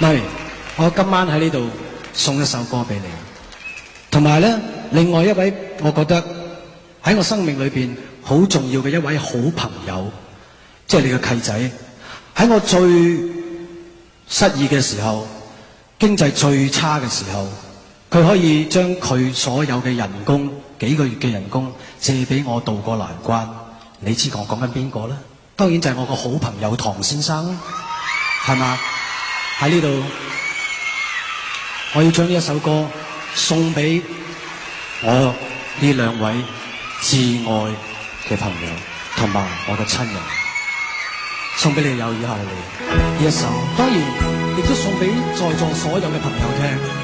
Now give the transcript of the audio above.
媽，我今晚喺呢度送一首歌俾你。同埋咧，另外一位我覺得喺我生命裏邊好重要嘅一位好朋友，即係你嘅契仔。喺我最失意嘅時候，經濟最差嘅時候，佢可以將佢所有嘅人工幾個月嘅人工借俾我渡過難關。你知道我講緊邊個咧？當然就係我個好朋友唐先生啦，係嘛？喺呢度，我要將呢一首歌送俾我呢兩位至愛嘅朋友同埋我嘅親人，送俾你有以誼下嚟。呢一首，當然亦都送俾在座所有嘅朋友聽。